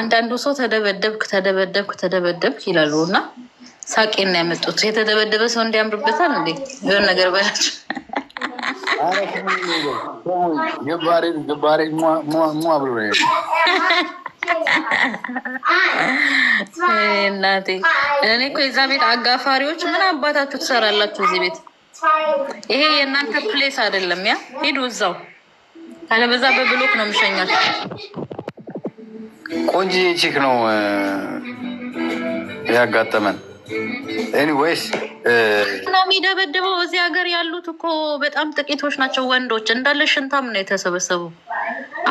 አንዳንዱ ሰው ተደበደብክ ተደበደብክ ተደበደብክ ይላሉ እና ሳቄን ነው ያመጡት። የተደበደበ ሰው እንዲያምርበታል እንዴ? የሆነ ነገር በላቸው። እናቴ እኔ እኮ የዛ ቤት አጋፋሪዎች ምን አባታችሁ ትሰራላችሁ እዚህ ቤት? ይሄ የእናንተ ፕሌስ አይደለም። ያ ሂዱ እዛው፣ አለበዛ በብሎክ ነው የሚሸኛል። ቆንጂ ቺክ ነው ያጋጠመን። ኤኒዌይስ ነው የሚደበድበው። እዚህ ሀገር ያሉት እኮ በጣም ጥቂቶች ናቸው ወንዶች። እንዳለ ሽንታም ነው የተሰበሰበው።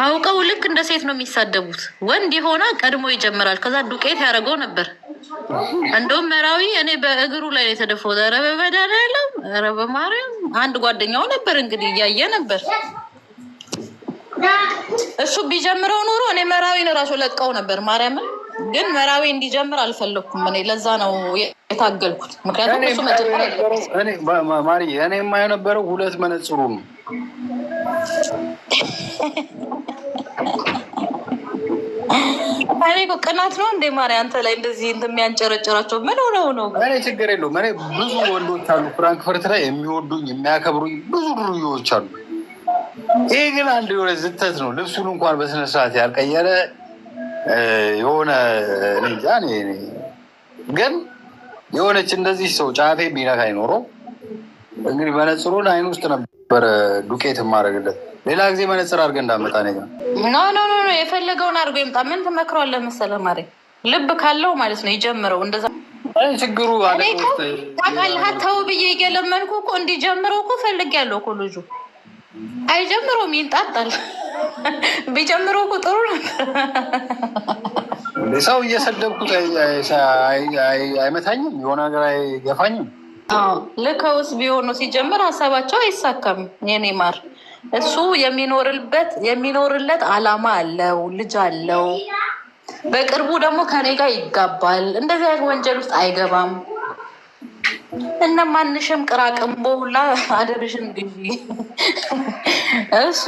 አውቀው ልክ እንደ ሴት ነው የሚሳደቡት። ወንድ የሆነ ቀድሞ ይጀምራል። ከዛ ዱቄት ያደረገው ነበር። እንደውም መራዊ እኔ በእግሩ ላይ የተደፈው። ኧረ በመድኃኒዓለም ኧረ አንድ ጓደኛው ነበር እንግዲህ እያየ ነበር እሱ ቢጀምረው ኑሮ እኔ መራዊን እራሱ ለቀው ነበር። ማርያምን ግን መራዊ እንዲጀምር አልፈለግኩም። እኔ ለዛ ነው የታገልኩት። ምክንያቱም እሱ መጀመሪያ እኔ የማየው ነበረው ሁለት መነጽሩ ነው እኔ ቅናት ነው እንዴ ማሪ፣ አንተ ላይ እንደዚህ እንትን የሚያንጨረጭራቸው ምን ሆነው ነው? እኔ ችግር የለውም። እኔ ብዙ ወንዶች አሉ ፍራንክፈርት ላይ የሚወዱኝ የሚያከብሩኝ ብዙ ዱርዬዎች አሉ። ይሄ ግን አንድ የሆነ ዝተት ነው። ልብሱን እንኳን በስነስርዓት ያልቀየረ የሆነ እንጃ ግን የሆነች እንደዚህ ሰው ጫፌ ቢነካ አይኖሮ እንግዲህ መነፅሩን አይን ውስጥ ነበረ ዱቄት ማድረግለት። ሌላ ጊዜ መነፅር አድርገህ እንዳመጣ ነ ኖ ኖ ኖ የፈለገውን አድርጎ ይምጣ። ምን ትመክረዋለህ መሰለህ ማሬ? ልብ ካለው ማለት ነው ይጀምረው። እንደዛ ችግሩ ታውቃለህ። ተው ብዬ እየለመንኩ እኮ እንዲጀምረው እኮ ፈልጌያለሁ እኮ ልጁ አይጀምረውም ይንጣጣል። ቢጀምረው እኮ ጥሩ ነበር። ሰው እየሰደብኩት አይመታኝም፣ የሆነ ነገር አይገፋኝም። ልከውስ ቢሆኑ ሲጀምር ሀሳባቸው አይሳካም። የኔ ማር እሱ የሚኖርበት የሚኖርለት አላማ አለው፣ ልጅ አለው። በቅርቡ ደግሞ ከኔ ጋር ይጋባል። እንደዚህ ወንጀል ውስጥ አይገባም። እና ማንሽም ቅራቅም በሁላ አደርሽን ግዢ። እሱ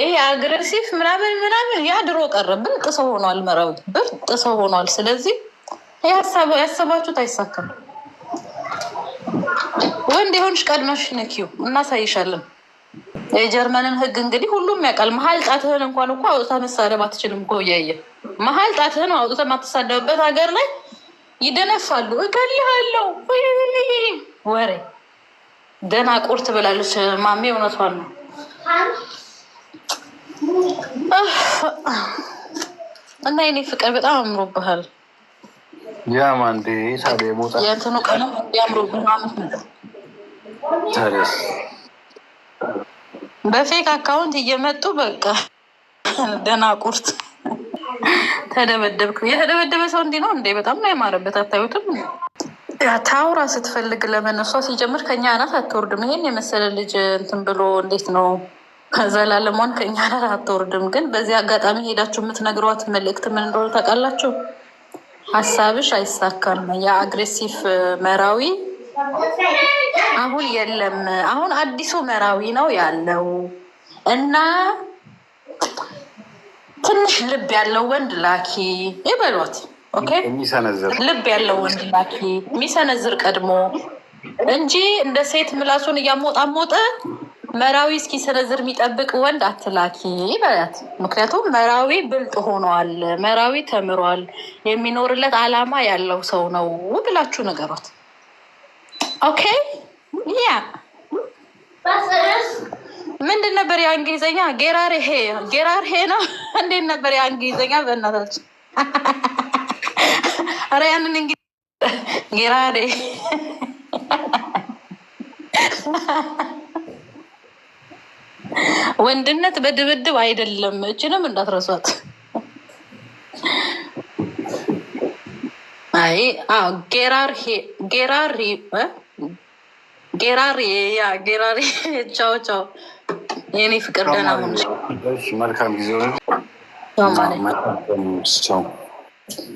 ይሄ አግሬሲቭ ምናምን ምናምን ያ ድሮ ቀረ፣ ብልጥ ሰው ሆኗል። መራዊት ብልጥ ሰው ሆኗል። ስለዚህ ያሰባችሁት አይሳካም። ወንድ የሆንሽ ቀድመሽ ንኪው፣ እናሳይሻለን። የጀርመንን ህግ እንግዲህ ሁሉም ያውቃል። መሀል ጣትህን እንኳን እኮ አውጥተህ መሳደብ አትችልም እኮ እያየ መሀል ጣትህን አውጥተህ ማትሳደብበት ሀገር ላይ ይደነፋሉ። እገልሃለሁ ወሬ ደና ቁርት ብላለች ማሜ። እውነቷን ነው። እና የኔ ፍቅር በጣም አምሮብሃል። ያማንዴ የእንትኑ ቀለም ያምሮብህ በፌክ አካውንት እየመጡ በቃ ደና ቁርት ተደበደብክ። የተደበደበ ሰው እንዲህ ነው እንዴ? በጣም ነው ያማረበት። አታዩትም? ታውራ ስትፈልግ ለመነሷ ሲጀምር ከኛ አናት አትወርድም። ይሄን የመሰለ ልጅ እንትን ብሎ እንዴት ነው ዘላለሟን ከኛ አናት አትወርድም። ግን በዚህ አጋጣሚ ሄዳችሁ የምትነግሯት መልእክት ምን እንደሆነ ታውቃላችሁ? ሀሳብሽ አይሳካም። የአግሬሲቭ መራዊ አሁን የለም። አሁን አዲሱ መራዊ ነው ያለው እና ትንሽ ልብ ያለው ወንድ ላኪ ይበሏት። ልብ ያለው ወንድ ላኪ የሚሰነዝር ቀድሞ እንጂ እንደ ሴት ምላሱን እያሞጣሞጠ መራዊ ሰነዝር የሚጠብቅ ወንድ አትላኪ ይበላት። ምክንያቱም መራዊ ብልጥ ሆኗል፣ መራዊ ተምሯል፣ የሚኖርለት አላማ ያለው ሰው ነው ብላችሁ ነገሯት። ኦኬ ያ ምንድን ነበር ያ እንግሊዝኛ ጌራር ጌራር ሄ ነው። እንዴት ነበር ያ እንግሊዝኛ? በእናታች ኧረ ያንን እንግዲህ ጌራዴ ወንድነት በድብድብ አይደለም። እችንም እንዳትረሷት። አይ ጌራሪ ጌራሪ ያ ጌራሪ ቻው ቻው የኔ ፍቅር ደህና ሆነች። መልካም ጊዜ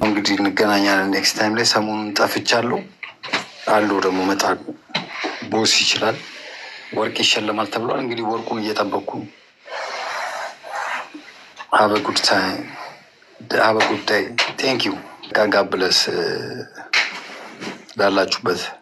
እንግዲህ እንገናኛለን ኔክስት ታይም ላይ። ሰሞኑን ጠፍቻለሁ አሉ ደግሞ መጣ ቦስ ይችላል ወርቅ ይሸለማል ተብሏል። እንግዲህ ወርቁን እየጠበቅኩ ሀበ ጉዳይ ጋጋ ብለስ ላላችሁበት